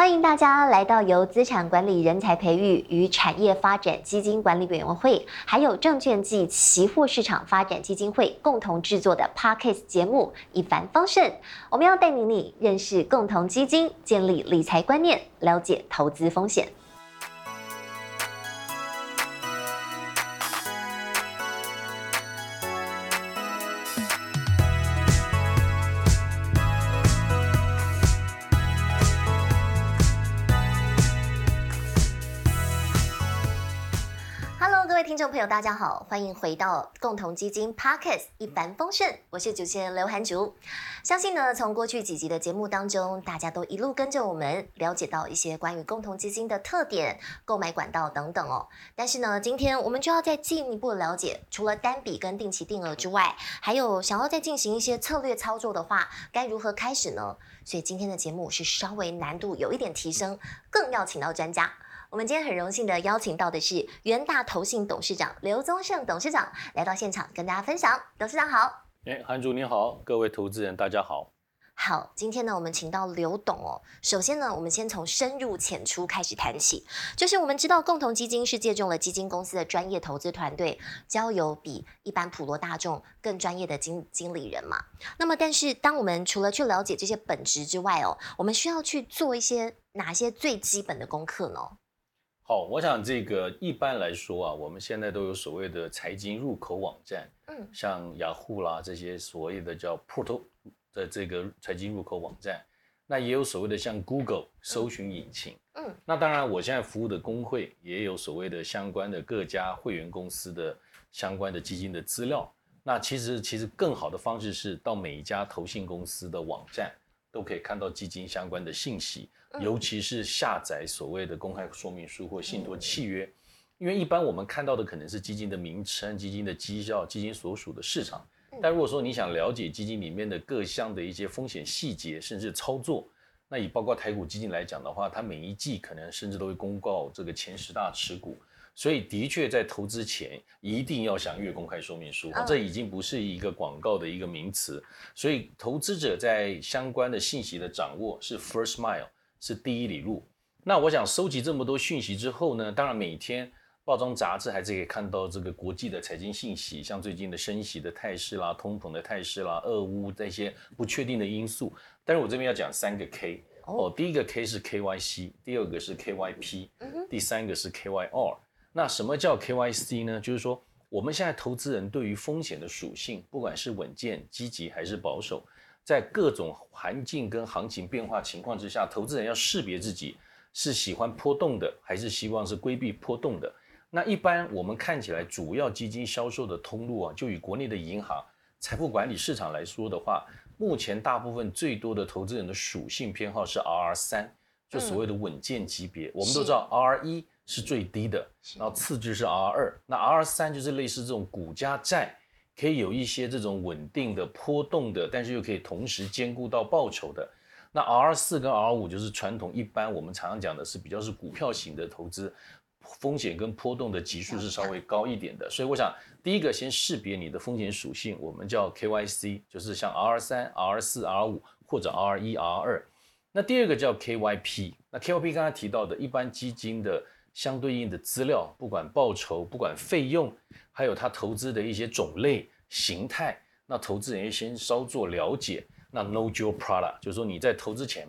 歡迎大家來到由資產管理人才培育與產業發展基金管理委員會，還有證券及期貨市場發展基金會共同製作的 Podcast 節目《一帆風順》。我們要帶領你，你認識共同基金，建立理財觀念，了解投資風險。大家好，歡迎回到共同基金 Podcast 一帆風順，我是主持人劉涵竹。相信呢，從過去幾集的節目當中，大家都一路跟着我們了解到一些關於共同基金的特點、購買管道等等哦。但是呢，今天我們就要再進一步了解，除了單筆跟定期定額之外，還有想要再進行一些策略操作的話，該如何開始呢？所以今天的節目是稍微難度有一點提升，更要請到專家。我們今天很榮幸的邀請到的是元大投信董事長劉宗聖董事長，來到現場跟大家分享。董事長好。哎，韓主你好，各位投資人大家好。好，今天呢，我們請到劉董哦。首先呢，我們先從深入淺出開始談起，就是我們知道共同基金是借助了基金公司的專業投資團隊，交由比一般普羅大眾更專業的經經理人嘛。那麼但是當我們除了去了解這些本質之外哦，我們需要去做一些哪些最基本的功課呢？哦，oh，我想這個一般來說啊，我們現在都有所謂的財經入口網站，嗯，像雅虎、ah、啦這些所謂的叫 portal 的這個財經入口網站，那也有所謂的像 Google 搜尋引擎，嗯，那當然我現在服務的工會也有所謂的相關的各家會員公司的相關的基金的資料，那其實其實更好的方式是到每一家投信公司的網站。都可以看到基金相關的信息，尤其是下載所謂的公開說明書或信託契約，因為一般我們看到的可能是基金的名稱、基金的績效、基金所屬的市場，但如果說你想了解基金裡面的各項的一些風險細節，甚至操作，那以包括台股基金來講的話，它每一季可能甚至都會公告這個前十大持股。所以的確，在投資前一定要詳閱公開說明書，這已經不是一個廣告的一個名詞。所以投資者在相關的信息的掌握是 first mile，是第一里路。那我想收集這麼多訊息之後呢，當然每天報章雜誌還是可以看到這個國際的財經信息，像最近的升息的態勢啦、通膨的態勢啦、俄烏這些不確定的因素。但是我這邊要講三個 K，哦，第一個 K 是 KYC，第二個是 KYP，嗯哼。第三個是 KYR。那什麼叫 KYC 呢？就是說，我們現在投資人對於風險的屬性，不管是穩健、積極還是保守，在各種環境跟行情變化情況之下，投資人要識別自己是喜歡波動的，還是希望是規避波動的。那一般我們看起來，主要基金銷售的通路啊，就以國內的銀行財富管理市場來說的話，目前大部分最多的投資人的屬性偏好是 R 三，就所謂的穩健級別。嗯，我們都知道 R 一。是最低的，的然後次之是 R 二，那 R 三就是類似這種股加債，可以有一些這種穩定的波動的，但是又可以同時兼顧到報酬的。那 R 四跟 R 五就是傳統一般我們常常講的是比較是股票型的投資，風險跟波動的級數是稍微高一點的。所以我想第一個先識別你的風險屬性，我們叫 KYC，就是像 R 三、R 四、R 五或者 R 一、R 二。那第二個叫 KYP，那 KYP 剛才提到的一般基金的。相對應的資料，不管報酬，不管費用，還有他投資的一些種類形態，那投資人先稍作了解。那 Know your product 就是說你在投資前，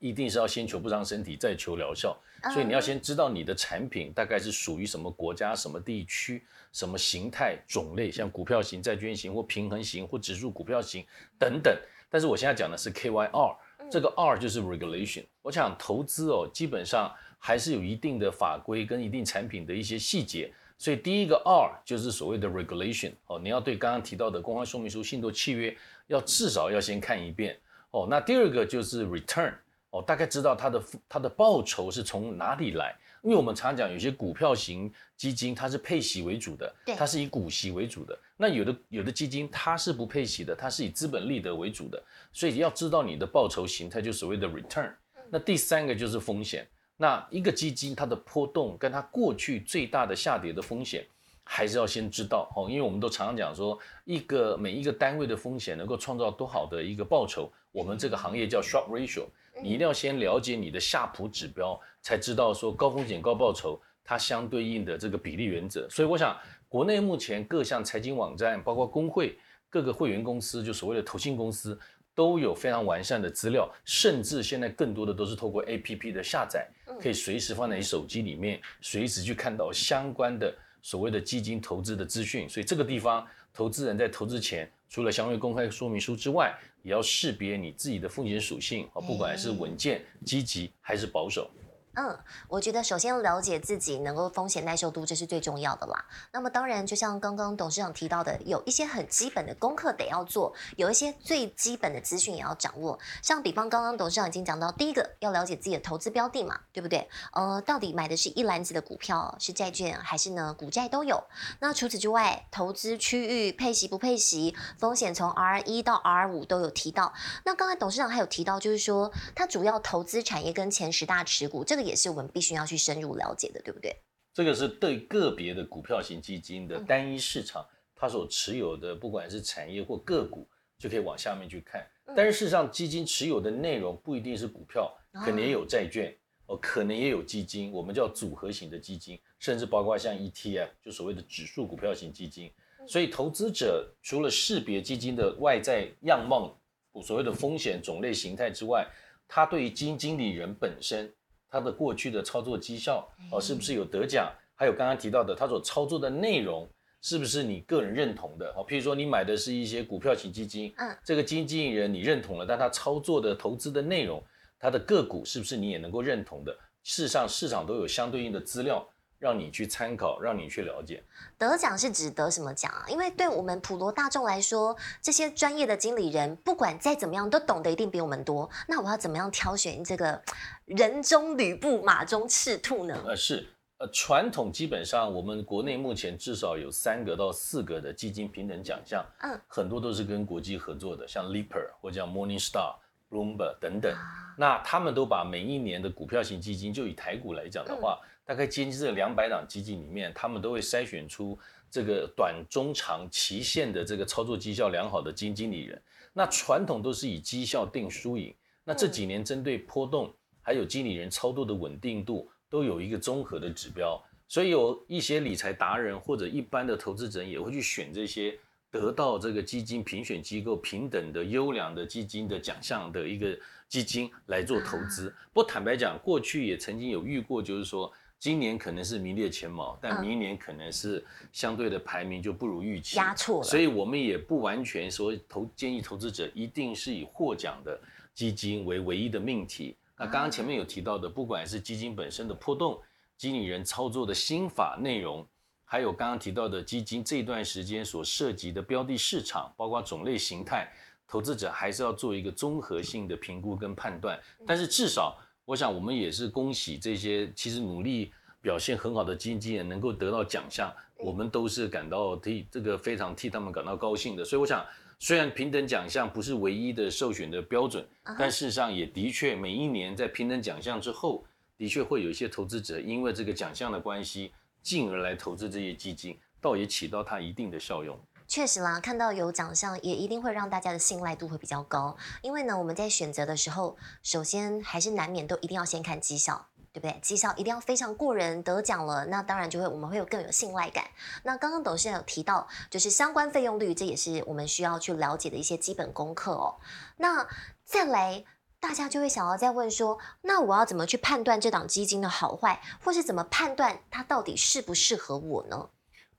一定是要先求不傷身體，再求療效。所以你要先知道你的產品大概是屬於什麼國家、什麼地區、什麼形態種類，像股票型、債券型或平衡型或指數股票型等等。但是我現在講的是 KYR，、嗯、這個 R 就是 Regulation。我想投資哦，基本上。還是有一定的法規跟一定產品的一些細節，所以第一個 R 就是所謂的 regulation 哦，你要對剛剛提到的公開說明書、信托契約，要至少要先看一遍哦。那第二個就是 return 哦，大概知道它的它的報酬是從哪裡來，因為我們常講有些股票型基金它是配息為主的，它是以股息為主的。那有的有的基金它是不配息的，它是以資本利得為主的，所以要知道你的報酬形態，就所謂的 return。那第三個就是風險。那一個基金它的波動跟它過去最大的下跌的風險，還是要先知道哦，因為我們都常常講說，一個每一個單位的風險能夠創造多好的一個報酬，我們這個行業叫 Sharpe Ratio，你一定要先了解你的夏普指標，才知道說高風險高報酬它相對應的這個比例原則。所以我想，國內目前各項財經網站，包括公會各個會員公司，就所謂的投信公司。都有非常完善的資料，甚至現在更多的都是透過 APP 的下載，可以隨時放在你手機裡面，隨時去看到相關的所謂的基金投資的資訊。所以這個地方，投資人在投資前，除了相關公開說明書之外，也要識別你自己的風險屬性啊，不管是穩健、積極還是保守。嗯，我覺得首先要了解自己能夠風險耐受度，這是最重要的啦。那麼當然，就像剛剛董事長提到的，有一些很基本的功課得要做，有一些最基本的資訊也要掌握。像比方，剛剛董事長已經講到，第一個要了解自己的投資標的嘛，對不對？呃，到底買的是一籃子的股票，是債券，還是呢股債都有？那除此之外，投資區域配息不配息，風險從 R 一到 R 五都有提到。那剛才董事長還有提到，就是說他主要投資產業跟前十大持股這個。也是我們必須要去深入了解的，對不對？這個是對個別的股票型基金的單一市場，嗯、它所持有的，不管是產業或個股，就可以往下面去看。嗯、但是事實上，基金持有的內容不一定是股票，可能也有債券，哦、呃，可能也有基金，我們叫組合型的基金，甚至包括像 ETF，就所謂的指數股票型基金。嗯、所以，投資者除了識別基金的外在樣貌，嗯、所謂的風險種類形態之外，它對於基金經理人本身。他的過去的操作績效哦，是不是有得獎？還有剛剛提到的，他所操作的內容是不是你個人認同的？哦，譬如說你買的是一些股票型基金，嗯，這個基金經理人你認同了，但他操作的投資的內容，他的個股是不是你也能夠認同的？事實上，市場都有相對應的資料。讓你去參考，讓你去了解。得獎是指得什麼獎啊？因為對我們普羅大眾來說，這些專業的經理人不管再怎麼樣，都懂得一定比我們多。那我要怎麼樣挑選這個人中呂布、馬中赤兔呢？呃、嗯，是，呃，傳統基本上我們國內目前至少有三個到四個的基金評等獎項，嗯，很多都是跟國際合作的，像 Lipper 或者 Morningstar、Bloomberg 等等。啊、那他們都把每一年的股票型基金，就以台股來講的話。嗯大概接近這兩百檔基金裡面，他們都會篩選出這個短中長期限的這個操作績效良好的基金經理人。那傳統都是以績效定輸贏，那這幾年針對波動還有經理人操作的穩定度都有一個綜合的指標。所以有一些理財達人或者一般的投資者也會去選這些得到這個基金評選機構平等的優良的基金的獎項的一個基金來做投資。不過坦白講，過去也曾經有遇過，就是說。今年可能是名列前茅，但明年可能是相對的排名就不如預期。壓錯、嗯、了，所以我們也不完全說投建議投資者一定是以獲獎的基金為唯一的命題。嗯、那剛剛前面有提到的，不管是基金本身的波動、經理人操作的心法內容，還有剛剛提到的基金這段時間所涉及的標的市場，包括種類形態，投資者還是要做一個綜合性的評估跟判斷。嗯、但是至少我想，我們也是恭喜這些其實努力表現很好的基金經理能夠得到獎項，我們都是感到替這個非常替他們感到高興的。所以，我想，雖然平等獎項不是唯一的受選的標準，但事實上也的確，每一年在平等獎項之後，的確會有一些投資者因為這個獎項的關係，進而來投資這些基金，倒也起到它一定的效用。確實啦，看到有獎項，也一定會讓大家的信賴度會比較高。因為呢，我們在選擇的時候，首先還是難免都一定要先看績效，對不對？績效一定要非常過人，得獎了，那當然就會我們會有更有信賴感。那剛剛董事長有提到，就是相關費用率，這也是我們需要去了解的一些基本功課哦。那再來，大家就會想要再問說，那我要怎麼去判斷這檔基金的好壞，或是怎麼判斷它到底適不適合我呢？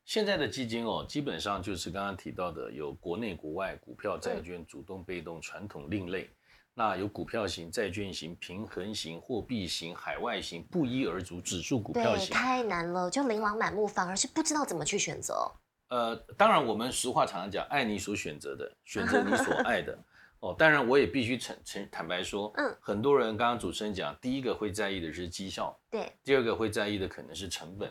現在的基金哦，基本上就是剛剛提到的，有國內國外、股票債券、主動被動、傳統另類，對那有股票型、債券型、平衡型、貨幣型、海外型，不一而足。指數股票型太難了，就琳琅滿目，反而是不知道怎麼去選擇。呃，當然我們俗話常常講，愛你所選擇的，選擇你所愛的。 哦，當然我也必須誠誠坦白說，嗯，很多人剛剛主持人講，第一個會在意的是績效，對，第二個會在意的可能是成本。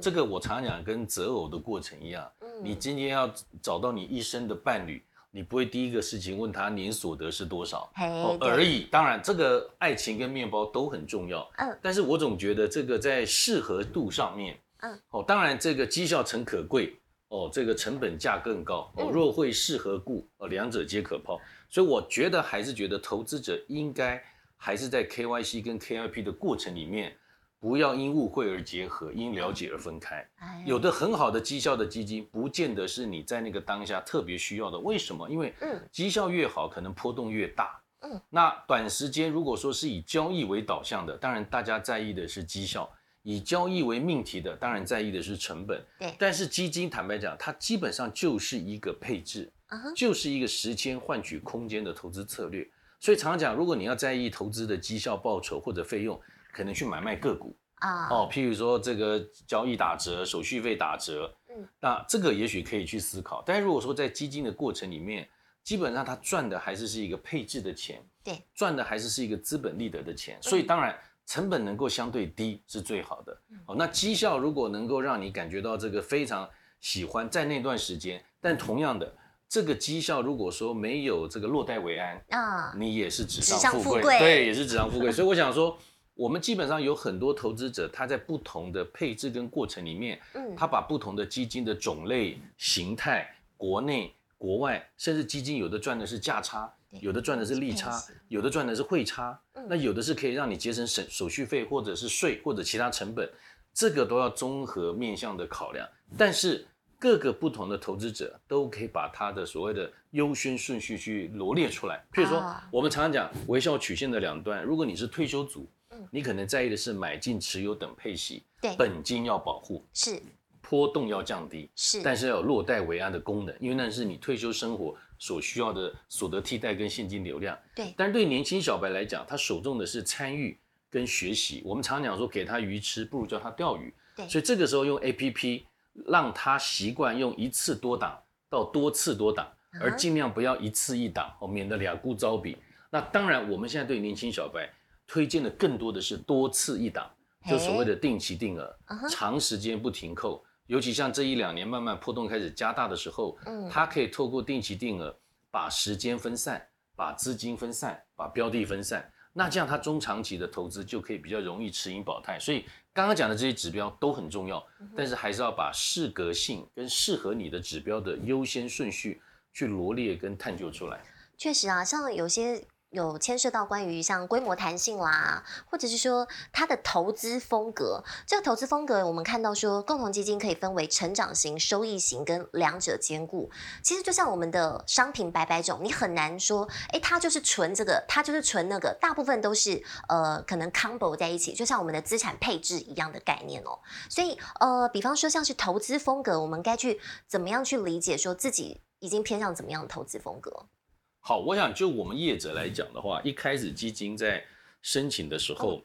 這個我常常講，跟擇偶的過程一樣，嗯、你今天要找到你一生的伴侶，你不會第一個事情問他年所得是多少，哦而已。當然，這個愛情跟麵包都很重要，嗯、啊，但是我總覺得這個在適合度上面，嗯，哦，當然這個績效誠可貴，哦，這個成本價更高，哦，若會適合故，哦，兩者皆可拋。所以我覺得還是覺得投資者應該還是在 KYC 跟 KYP 的過程裡面。不要因誤會而結合，因了解而分開。有的很好的績效的基金，不見得是你在那個當下特別需要的。為什麼？因為績效越好，可能波動越大。嗯，那短時間如果說是以交易為導向的，當然大家在意的是績效；以交易為命題的，當然在意的是成本。對，但是基金坦白講，它基本上就是一個配置，就是一個時間換取空間的投資策略。所以常常講，如果你要在意投資的績效報酬或者費用，可能去買賣個股啊，嗯、哦，譬如說這個交易打折，手續費打折，嗯，那這個也許可以去思考。但如果說在基金的過程裡面，基本上他賺的還是是一個配置的錢，對，賺的還是是一個資本利得的錢。所以當然成本能夠相對低是最好的。嗯、哦，那績效如果能夠讓你感覺到這個非常喜歡，在那段時間，但同樣的這個績效如果說沒有這個落袋為安，啊、嗯，你也是紙上富貴，富貴，對，也是紙上富貴。 所以我想說。我們基本上有很多投資者，他在不同的配置跟過程裡面，嗯，他把不同的基金的種類、形態、國內、國外，甚至基金有的賺的是價差，有的賺的是利差，有的賺的是匯差，那有的是可以讓你節省省手續費或者是稅或者其他成本，這個都要綜合面向的考量。但是各個不同的投資者都可以把他的所謂的優先順序去羅列出來。譬如說，我們常常講微笑曲線的兩端，如果你是退休族。你可能在意的是買進持有等配息，對本金要保護，是波動要降低，是但是要有落袋為安的功能，因為那是你退休生活所需要的所得替代跟現金流量。對，但是對年輕小白來講，他首重的是參與跟學習。我們常講說，給他魚吃，不如叫他釣魚。對，所以這個時候用 APP 讓他習慣用一次多檔到多次多檔，uh huh. 而盡量不要一次一檔哦，免得兩顧招彼。那當然，我們現在對年輕小白。推薦的更多的是多次一檔，就所謂的定期定額，嘿長時間不停扣。Uh huh. 尤其像這一兩年慢慢波動開始加大的時候，嗯，它可以透過定期定額把時間分散，把資金分散，把標的分散。那這樣它中長期的投資就可以比較容易持盈保泰。所以剛剛講的這些指標都很重要，但是還是要把適格性跟適合你的指標的優先順序去羅列跟探究出來。確實啊，像有些，有牽涉到關於像規模彈性啦，或者是說它的投資風格。這個投資風格，我們看到說共同基金可以分為成長型、收益型跟兩者兼顧。其實就像我們的商品百百種，你很難說，誒、欸、它就是純這個，它就是純那個，大部分都是呃可能 combo 在一起，就像我們的資產配置一樣的概念哦、喔。所以呃，比方說像是投資風格，我們該去怎麼樣去理解說自己已經偏向怎麼樣的投資風格？好，我想就我們業者來講的話，一開始基金在申請的時候，哦、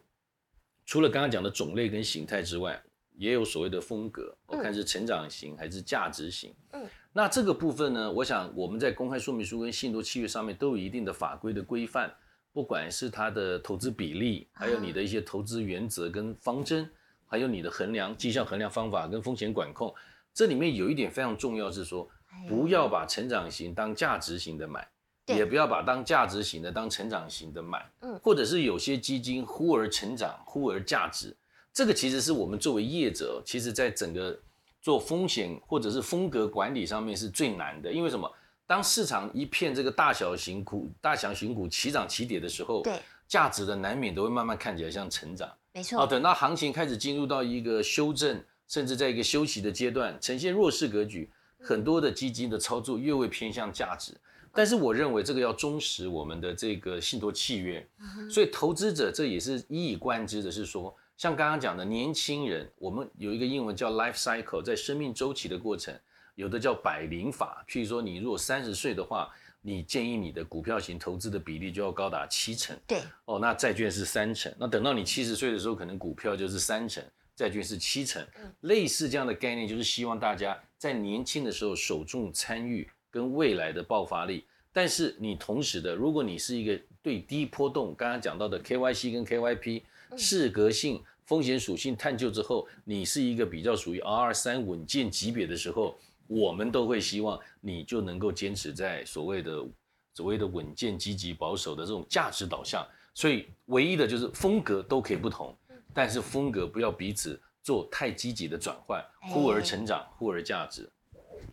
除了剛剛講的種類跟形態之外，也有所謂的風格，我看是成長型還是價值型。嗯，那這個部分呢，我想我們在公開說明書跟信托契約上面都有一定的法規的規範，不管是它的投資比例，還有你的一些投資原則跟方針，啊、還有你的衡量績效衡量方法跟風險管控，這裡面有一點非常重要是說，不要把成長型當價值型的買。哎對也不要把當價值型的當成長型的買，嗯，或者是有些基金忽而成長，忽而價值，這個其實是我們作為業者，其實在整個做風險或者是風格管理上面是最難的。因為什麼？當市場一片這個大小型股、大小型股齊漲齊跌的時候，對，價值的難免都會慢慢看起來像成長，沒錯。啊，等到行情開始進入到一個修正，甚至在一個休息的階段，呈現弱勢格局，嗯，很多的基金的操作越會偏向價值。但是我認為這個要忠實我們的這個信托契約，所以投資者這也是一以貫之的，是說像剛剛講的年輕人，我們有一個英文叫 life cycle，在生命周期的過程，有的叫百齡法，譬如說你如果三十歲的話，你建議你的股票型投資的比例就要高達七成，對，哦，那債券是三成，那等到你七十歲的時候，可能股票就是三成，債券是七成，類似這樣的概念，就是希望大家在年輕的時候首重參與跟未來的爆發力，但是你同時的，如果你是一個對低波動，剛剛講到的 K Y C 跟 K Y P 適、嗯、格性風險屬性探究之後，你是一個比較屬於 R 二三穩健級別的時候，我們都會希望你就能夠堅持在所謂的所謂的穩健積極保守的這種價值導向，所以唯一的就是風格都可以不同，但是風格不要彼此做太積極的轉換，忽而成長，哎、忽而價值。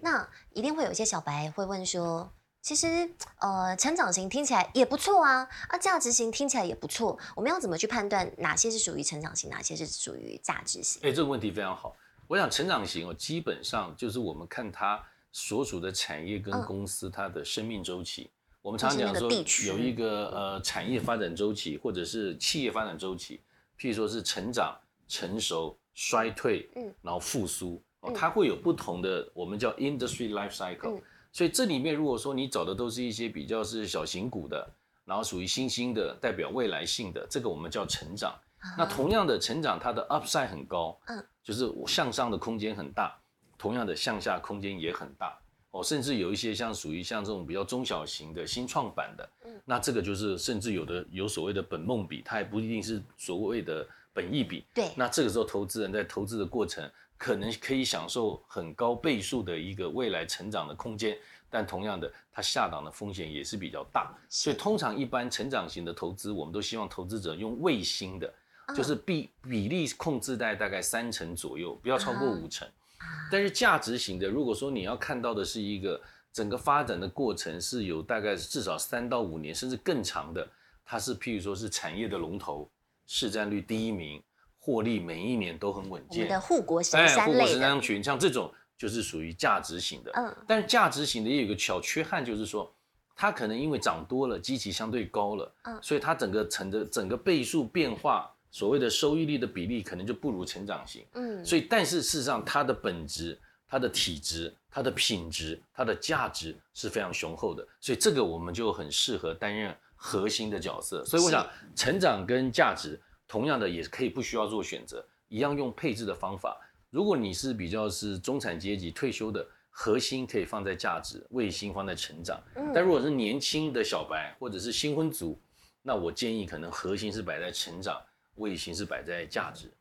那一定會有一些小白會問說，其實呃，成長型聽起來也不錯啊，啊，價值型聽起來也不錯，我們要怎麼去判斷哪些是屬於成長型，哪些是屬於價值型？哎、欸，這個問題非常好。我想成長型哦，基本上就是我們看它所屬的產業跟公司它的生命週期。嗯、我們常常講說有一個、嗯、呃產業發展週期，或者是企業發展週期，譬如說是成長、成熟、衰退，嗯，然後復甦。嗯哦、它會有不同的，嗯、我們叫 industry life cycle、嗯。所以這裡面，如果說你找的都是一些比較是小型股的，然後屬於新興的，代表未來性的，這個我們叫成長。嗯、那同樣的成長，它的 upside 很高，嗯，就是向上的空間很大，同樣的向下空間也很大。哦，甚至有一些像屬於像這種比較中小型的新創板的，嗯，那這個就是甚至有的有所謂的本夢比，它也不一定是所謂的本益比。對、嗯。那這個時候，投資人在投資的過程。可能可以享受很高倍數的一個未來成長的空間，但同樣的，它下檔的風險也是比較大。是的。所以通常一般成長型的投資，我們都希望投資者用衛星的，嗯、就是比比例控制在大，大概三成左右，不要超過五成。啊、但是價值型的，如果說你要看到的是一個整個發展的過程是有大概至少三到五年甚至更長的，它是譬如說是產業的龍頭，市占率第一名。獲利每一年都很穩健。我們的護國神山類的。對，護國神山群，像這種就是屬於價值型的。嗯，但價值型的也有一個小缺憾，就是說它可能因為漲多了，基期相對高了，嗯，所以它整個成的整個倍數變化，所謂的收益率的比例可能就不如成長型。嗯，所以但是事實上它的本質、它的體質、它的品質、它的價值是非常雄厚的，所以這個我們就很適合擔任核心的角色。所以我想是成長跟價值。同樣的也可以不需要做選擇，一樣用配置的方法。如果你是比較是中產階級退休的核心，可以放在價值，衛星放在成長。但如果是年輕的小白或者是新婚族，那我建議可能核心是擺在成長，衛星是擺在價值。嗯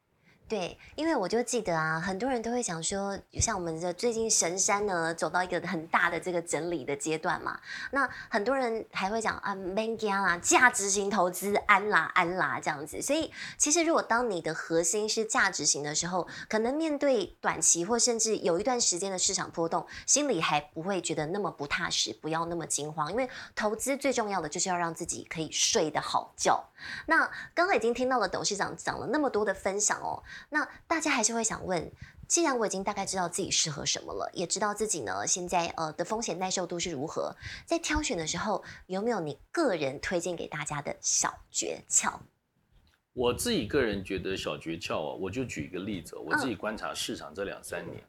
對，因為我就記得啊，很多人都會想說，像我們的最近神山呢，走到一個很大的這個整理的階段嘛。那很多人還會講啊蒙格啊，價值型投資，安啦安啦這樣子。所以其實如果當你的核心是價值型的時候，可能面對短期或甚至有一段時間的市場波動，心裡還不會覺得那麼不踏實，不要那麼驚慌。因為投資最重要的就是要讓自己可以睡得好覺。那剛剛已經聽到了董事長講了那麼多的分享哦。那大家還是會想問，既然我已經大概知道自己適合什麼了，也知道自己呢現在呃的風險耐受度是如何，在挑選的時候有沒有你個人推薦給大家的小訣竅？我自己個人覺得小訣竅哦，我就舉一個例子，我自己觀察市場這兩三年，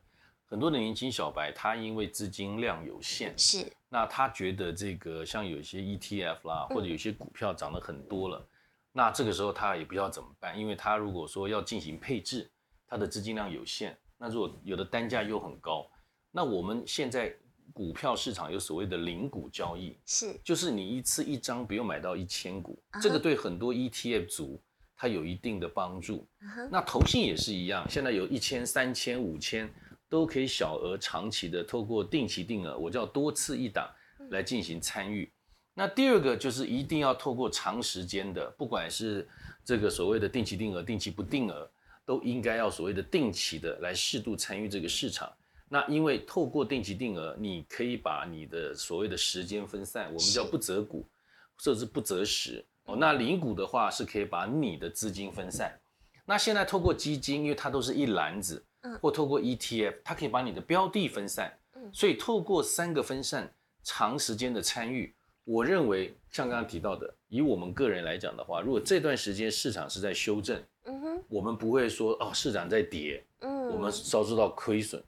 很多的年輕小白他因為資金量有限，是，那他覺得這個像有些 ETF 啦，或者有些股票漲得很多了。那這個時候他也不知道怎麼辦，因為他如果說要進行配置，他的資金量有限，那如果有的單價又很高，那我們現在股票市場有所謂的零股交易，是，就是你一次一張不用買到一千股，uh huh. 這個對很多 ETF 族它有一定的幫助。Uh huh. 那投信也是一樣，現在有一千、三千、五千都可以小額長期的透過定期定額，我叫多次一檔來進行參與。那第二個就是一定要透過長時間的，不管是這個所謂的定期定額、定期不定額，都應該要所謂的定期的來適度參與這個市場。那因為透過定期定額，你可以把你的所謂的時間分散，我們叫不擇股，甚至不擇時。那零股的話是可以把你的資金分散。那現在透過基金，因為它都是一籃子，嗯，或透過 ETF，它可以把你的標的分散，嗯，所以透過三個分散長時間的參與。我認為像剛剛提到的，以我們個人來講的話，如果這段時間市場是在修正，嗯哼、uh，huh. 我們不會說哦市場在跌，嗯、uh，huh. 我們遭受到虧損，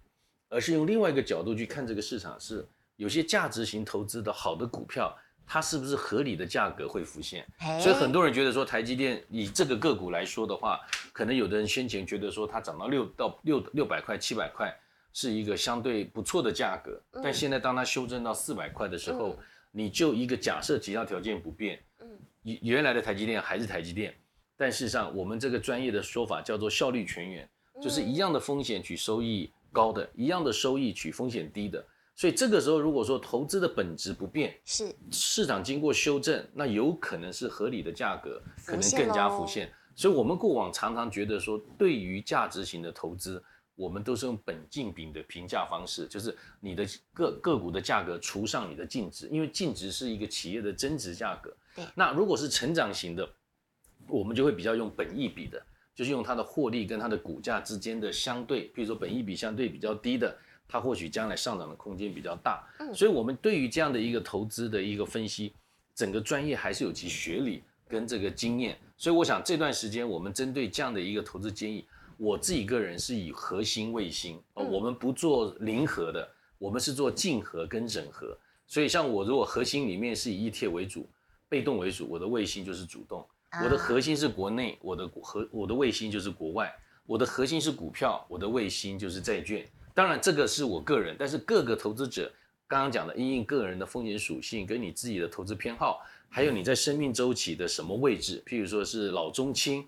而是用另外一個角度去看這個市場是，是有些價值型投資的好的股票，它是不是合理的價格會浮現？Hey. 所以很多人覺得說，台積電以這個個股來說的話，可能有的人先前覺得說它漲到六到六六百塊、七百塊是一個相對不錯的價格，uh huh. 但現在當它修正到四百塊的時候。Uh huh. 你就一個假設其他條件不變，嗯，原來的台積電還是台積電，但事實上我們這個專業的說法叫做效率前緣，嗯、就是一樣的風險取收益高的，一樣的收益取風險低的。所以這個時候如果說投資的本質不變，是市場經過修正，那有可能是合理的價格，可能更加浮現。浮現所以我們過往常常覺得說，對於價值型的投資。我們都是用本淨比的評價方式，就是你的個個股的價格除上你的淨值，因為淨值是一個企業的增值價格。對。那如果是成長型的，我們就會比較用本益比的，就是用它的獲利跟它的股價之間的相對，比如說本益比相對比較低的，它或許將來上漲的空間比較大。嗯。所以我們對於這樣的一個投資的一個分析，整個專業還是有其學理跟這個經驗。所以我想這段時間我們針對這樣的一個投資建議。我自己個人是以核心衛星，嗯、我們不做零和的，我們是做競合跟整合。所以像我，如果核心裡面是以 ETF 為主，被動為主，我的衛星就是主動。啊、我的核心是國內，我的核我的衛星就是國外。我的核心是股票，我的衛星就是債券。當然這個是我個人，但是各個投資者剛剛講的，因應個人的風險屬性，跟你自己的投資偏好，還有你在生命週期的什麼位置，嗯、譬如說是老中青。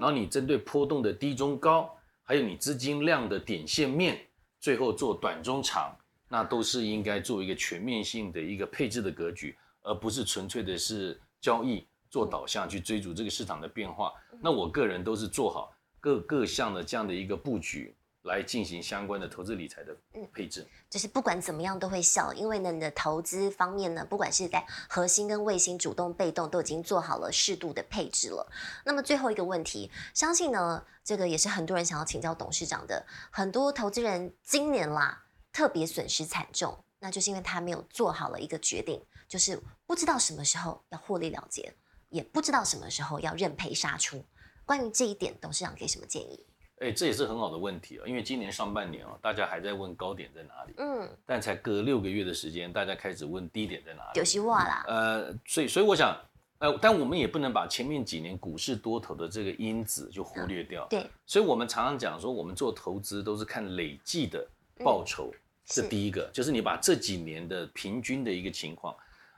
然後你針對波動的低中高，還有你資金量的點線面，最後做短中長，那都是應該做一個全面性的一個配置的格局，而不是純粹的是交易做導向去追逐這個市場的變化。那我個人都是做好各各項的這樣的一個布局，來進行相關的投資理財的配置。嗯，就是不管怎麼樣都會笑，因為呢，你的投資方面呢，不管是在核心跟衛星，主動被動都已經做好了適度的配置了。那麼最後一個問題，相信呢，這個也是很多人想要請教董事長的。很多投資人今年啦，特別損失慘重，那就是因為他沒有做好了一個決定，就是不知道什麼時候要獲利了結，也不知道什麼時候要認賠殺出。關於這一點，董事長給什麼建議？哎、欸，這也是很好的問題啊！因為今年上半年啊、哦，大家還在問高點在哪裡，嗯，但才隔六個月的時間，大家開始問低點在哪裡。有希望啦，呃，所以所以我想，呃，但我們也不能把前面幾年股市多頭的這個因子就忽略掉。嗯、對，所以我們常常講說，我們做投資都是看累計的報酬，嗯、這第一個，是就是你把這幾年的平均的一個情況。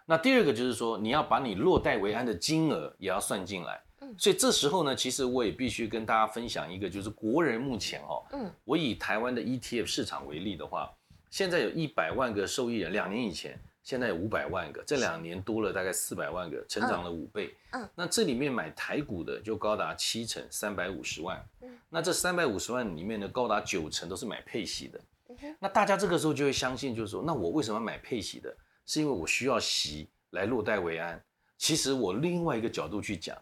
那第二個就是說，你要把你落袋為安的金額也要算進來。所以這時候呢，其實我也必須跟大家分享一個，就是國人目前哦，嗯，我以台灣的 ETF 市場為例的話，現在有一百萬個受益人，兩年以前，現在有五百萬個，這兩年多了大概四百萬個，成長了五倍，嗯，嗯，那這裡面買台股的就高達七成，三百五十萬，嗯，那這三百五十萬裡面呢，高達九成都是買配息的，嗯哼，那大家這個時候就會相信，就是說，那我為什麼買配息的，是因為我需要息來落袋為安，其實我另外一個角度去講。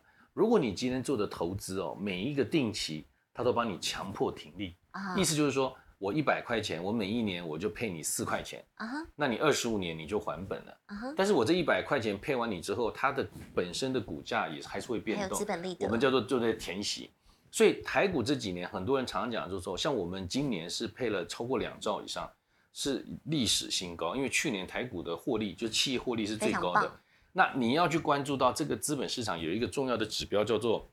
如果你今天做的投資哦，每一個定期它都幫你強迫停利啊，uh huh. 意思就是說我一百塊錢，我每一年我就配你四塊錢啊，uh huh. 那你二十五年你就還本了啊。Uh huh. 但是我這一百塊錢配完你之後，它的本身的股價也還是會變動，我們叫做就在填息。所以台股這幾年很多人常常講，就是說像我們今年是配了超過兩兆以上，是歷史新高，因為去年台股的獲利就企業獲利是最高的。那你要去關注到這個資本市場有一個重要的指標叫做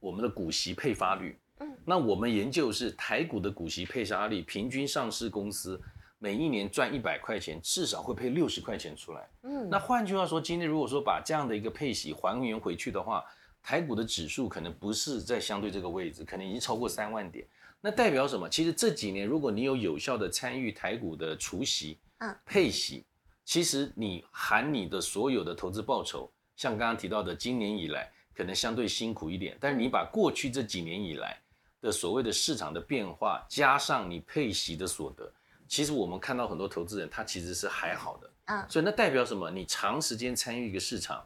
我們的股息配發率。嗯。那我們研究是台股的股息配發率，平均上市公司每一年賺一百塊錢，至少會配六十塊錢出來。嗯。那換句話說，今天如果說把這樣的一個配息還原回去的話，台股的指數可能不是在相對這個位置，可能已經超過三萬點。那代表什麼？其實這幾年如果你有有效的參與台股的除息，嗯，配息。其實你含你的所有的投資報酬，像剛剛提到的，今年以來可能相對辛苦一點，但是你把過去這幾年以來的所謂的市場的變化，加上你配息的所得，其實我們看到很多投資人他其實是還好的，嗯，所以那代表什麼？你長時間參與一個市場，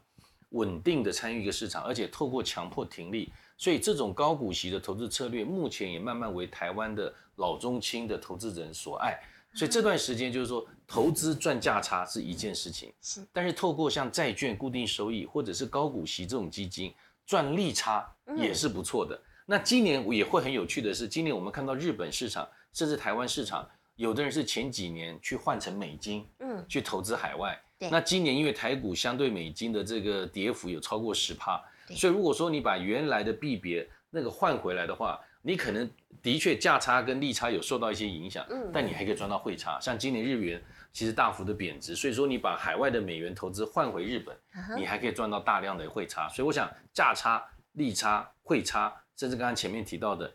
穩定的參與一個市場，而且透過強迫停利，所以這種高股息的投資策略，目前也慢慢為台灣的老中青的投資人所愛。所以這段時間就是說，投資賺價差是一件事情，是。但是透過像債券、固定收益或者是高股息這種基金賺利差也是不錯的。那今年也會很有趣的是，今年我們看到日本市場甚至台灣市場，有的人是前幾年去換成美金，嗯，去投資海外。那今年因為台股相對美金的這個跌幅有超過十趴，所以如果說你把原來的幣別那個換回來的話，你可能的確價差跟利差有受到一些影響，嗯，但你還可以賺到匯差。像今年日元其實大幅的貶值，所以說你把海外的美元投資換回日本，你還可以賺到大量的匯差。所以我想價差、利差、匯差，甚至剛剛前面提到的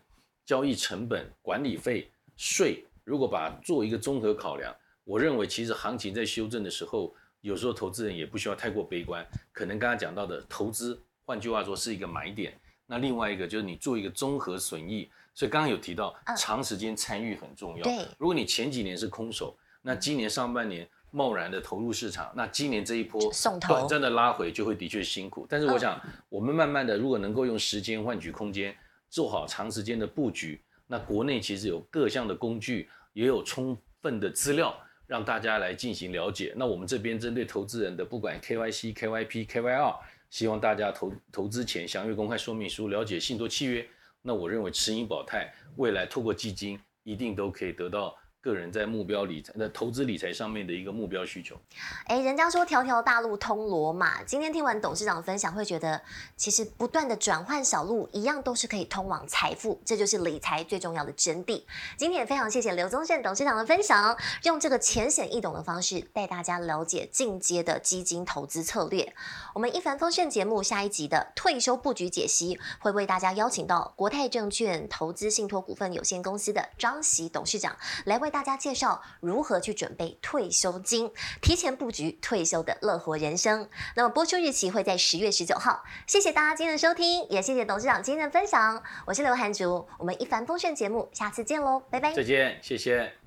交易成本、管理費、稅，如果把它做一個綜合考量，我認為其實行情在修正的時候，有時候投資人也不需要太過悲觀。可能剛剛講到的投資，換句話說是一個買點。那另外一個就是你做一個綜合損益，所以剛剛有提到長時間參與很重要。對，如果你前幾年是空手，那今年上半年貿然的投入市場，那今年這一波送頭短暫的拉回就會的確辛苦。但是我想，我們慢慢的如果能夠用時間換取空間，做好長時間的布局，那國內其實有各項的工具，也有充分的資料讓大家來進行了解。那我們這邊針對投資人的，不管 KYC、KYP、KYR。希望大家投投資前詳閱公開說明書，了解信託契約。那我認為，持盈保泰未來透過基金，一定都可以得到。個人在目標理財、的投資理財上面的一個目標需求。哎、欸，人家說條條大路通羅馬，今天聽完董事長的分享，會覺得其實不斷的轉換小路，一樣都是可以通往財富，這就是理財最重要的真諦。今天也非常謝謝劉宗聖董事長的分享，用這個淺顯易懂的方式帶大家了解進階的基金投資策略。我們一帆風順節目下一集的退休布局解析，會為大家邀請到國泰證券投資信託股份有限公司的張錫董事長來為大家介紹如何去準備退休金，提前布局退休的樂活人生。那麼播出日期會在十月十九號。謝謝大家今天的收聽，也謝謝董事長今天的分享。我是劉涵竹，我們一帆風順節目下次見嘍，拜拜。再見，謝謝。